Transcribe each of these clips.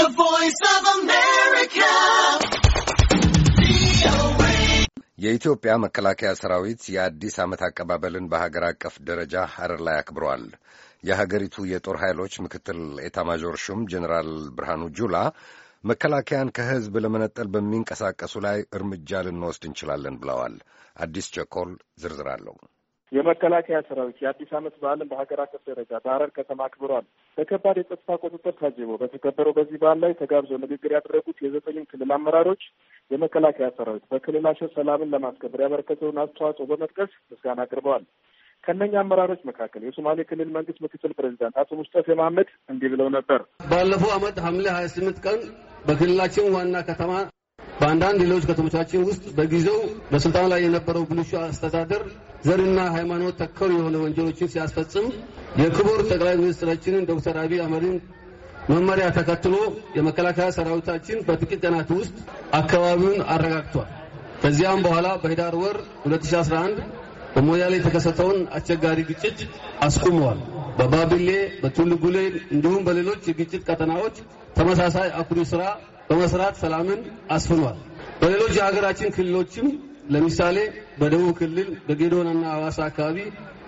The Voice of America. የኢትዮጵያ መከላከያ ሰራዊት የአዲስ ዓመት አቀባበልን በሀገር አቀፍ ደረጃ ሐረር ላይ አክብሯል። የሀገሪቱ የጦር ኃይሎች ምክትል ኤታማዦር ሹም ጀኔራል ብርሃኑ ጁላ መከላከያን ከሕዝብ ለመነጠል በሚንቀሳቀሱ ላይ እርምጃ ልንወስድ እንችላለን ብለዋል። አዲስ ቸኮል ዝርዝር አለው። የመከላከያ ሰራዊት የአዲስ ዓመት በዓልን በሀገር አቀፍ ደረጃ በሀረር ከተማ አክብሯል። በከባድ የጸጥታ ቁጥጥር ታጅቦ በተከበረው በዚህ በዓል ላይ ተጋብዘው ንግግር ያደረጉት የዘጠኝም ክልል አመራሮች የመከላከያ ሰራዊት በክልላቸው ሰላምን ለማስከበር ያበረከተውን አስተዋጽኦ በመጥቀስ ምስጋና አቅርበዋል። ከነኛ አመራሮች መካከል የሶማሌ ክልል መንግስት ምክትል ፕሬዚዳንት አቶ ሙስጠፌ መሀመድ እንዲህ ብለው ነበር። ባለፈው ዓመት ሐምሌ ሀያ ስምንት ቀን በክልላችን ዋና ከተማ በአንዳንድ ሌሎች ከተሞቻችን ውስጥ በጊዜው በስልጣን ላይ የነበረው ብልሹ አስተዳደር ዘርና ሃይማኖት ተኮር የሆነ ወንጀሎችን ሲያስፈጽም የክቡር ጠቅላይ ሚኒስትራችንን ዶክተር አብይ አህመድን መመሪያ ተከትሎ የመከላከያ ሰራዊታችን በጥቂት ቀናት ውስጥ አካባቢውን አረጋግቷል። ከዚያም በኋላ በህዳር ወር 2011 በሞያሌ የተከሰተውን አስቸጋሪ ግጭት አስቁመዋል። በባቢሌ በቱልጉሌ እንዲሁም በሌሎች የግጭት ቀጠናዎች ተመሳሳይ አኩሪ ስራ በመስራት ሰላምን አስፍኗል። በሌሎች የሀገራችን ክልሎችም ለምሳሌ በደቡብ ክልል በጌዶንና አዋሳ አካባቢ፣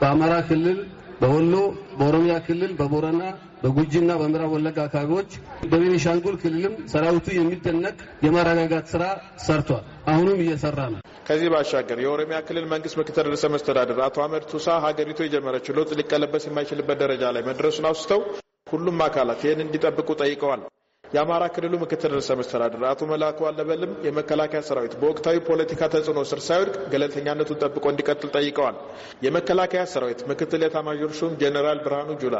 በአማራ ክልል በወሎ፣ በኦሮሚያ ክልል በቦረና በጉጂና በምዕራብ ወለጋ አካባቢዎች፣ በቤኒሻንጉል ክልልም ሰራዊቱ የሚደነቅ የማረጋጋት ስራ ሰርቷል። አሁንም እየሰራ ነው። ከዚህ ባሻገር የኦሮሚያ ክልል መንግስት ምክትል ርዕሰ መስተዳድር አቶ አህመድ ቱሳ ሀገሪቱ የጀመረችው ለውጥ ሊቀለበስ የማይችልበት ደረጃ ላይ መድረሱን አውስተው ሁሉም አካላት ይህን እንዲጠብቁ ጠይቀዋል። የአማራ ክልሉ ምክትል ርዕሰ መስተዳድር አቶ መላኩ አለበልም የመከላከያ ሰራዊት በወቅታዊ ፖለቲካ ተጽዕኖ ስር ሳይወድቅ ገለልተኛነቱን ጠብቆ እንዲቀጥል ጠይቀዋል። የመከላከያ ሰራዊት ምክትል የታማዦር ሹም ጄኔራል ብርሃኑ ጁላ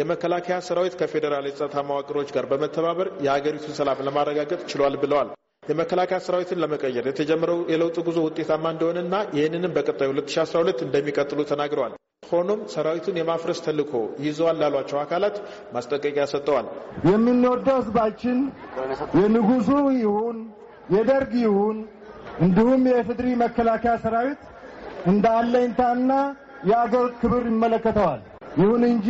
የመከላከያ ሰራዊት ከፌዴራል የጸጥታ መዋቅሮች ጋር በመተባበር የሀገሪቱን ሰላም ለማረጋገጥ ችሏል ብለዋል። የመከላከያ ሰራዊትን ለመቀየር የተጀመረው የለውጥ ጉዞ ውጤታማ እንደሆነና ይህንንም በቀጣይ 2012 እንደሚቀጥሉ ተናግረዋል። ሆኖም ሰራዊቱን የማፍረስ ተልዕኮ ይዘዋል ላሏቸው አካላት ማስጠንቀቂያ ሰጥተዋል። የምንወደው ህዝባችን የንጉሱ ይሁን የደርግ ይሁን እንዲሁም የፍድሪ መከላከያ ሰራዊት እንደ አለኝታና የአገር ክብር ይመለከተዋል። ይሁን እንጂ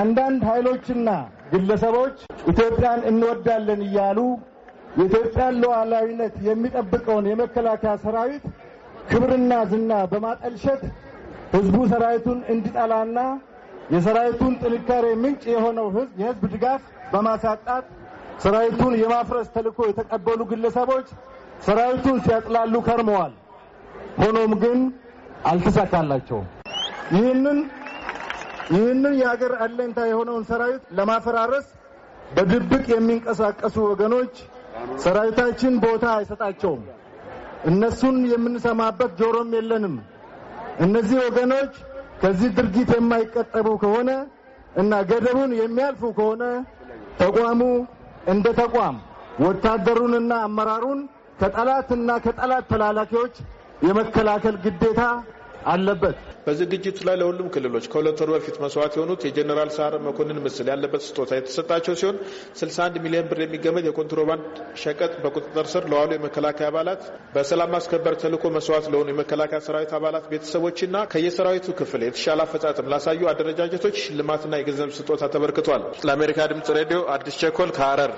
አንዳንድ ኃይሎችና ግለሰቦች ኢትዮጵያን እንወዳለን እያሉ የኢትዮጵያን ሉዓላዊነት የሚጠብቀውን የመከላከያ ሰራዊት ክብርና ዝና በማጠልሸት ህዝቡ ሰራዊቱን እንዲጠላና የሰራዊቱን ጥንካሬ ምንጭ የሆነው የህዝብ ድጋፍ በማሳጣት ሰራዊቱን የማፍረስ ተልዕኮ የተቀበሉ ግለሰቦች ሰራዊቱን ሲያጥላሉ ከርመዋል። ሆኖም ግን አልተሳካላቸውም። ይህንን ይህንን የሀገር አለኝታ የሆነውን ሰራዊት ለማፈራረስ በድብቅ የሚንቀሳቀሱ ወገኖች ሰራዊታችን ቦታ አይሰጣቸውም። እነሱን የምንሰማበት ጆሮም የለንም። እነዚህ ወገኖች ከዚህ ድርጊት የማይቀጠቡ ከሆነ እና ገደቡን የሚያልፉ ከሆነ ተቋሙ እንደ ተቋም ወታደሩንና አመራሩን ከጠላትና ከጠላት ተላላኪዎች የመከላከል ግዴታ አለበት። በዝግጅቱ ላይ ለሁሉም ክልሎች ከሁለት ወር በፊት መስዋዕት የሆኑት የጀኔራል ሳር መኮንን ምስል ያለበት ስጦታ የተሰጣቸው ሲሆን 61 ሚሊዮን ብር የሚገመት የኮንትሮባንድ ሸቀጥ በቁጥጥር ስር ለዋሉ የመከላከያ አባላት፣ በሰላም ማስከበር ተልዕኮ መስዋዕት ለሆኑ የመከላከያ ሰራዊት አባላት ቤተሰቦችና ከየሰራዊቱ ክፍል የተሻለ አፈጻጸም ላሳዩ አደረጃጀቶች ሽልማትና የገንዘብ ስጦታ ተበርክቷል። ለአሜሪካ ድምጽ ሬዲዮ አዲስ ቸኮል ከሐረር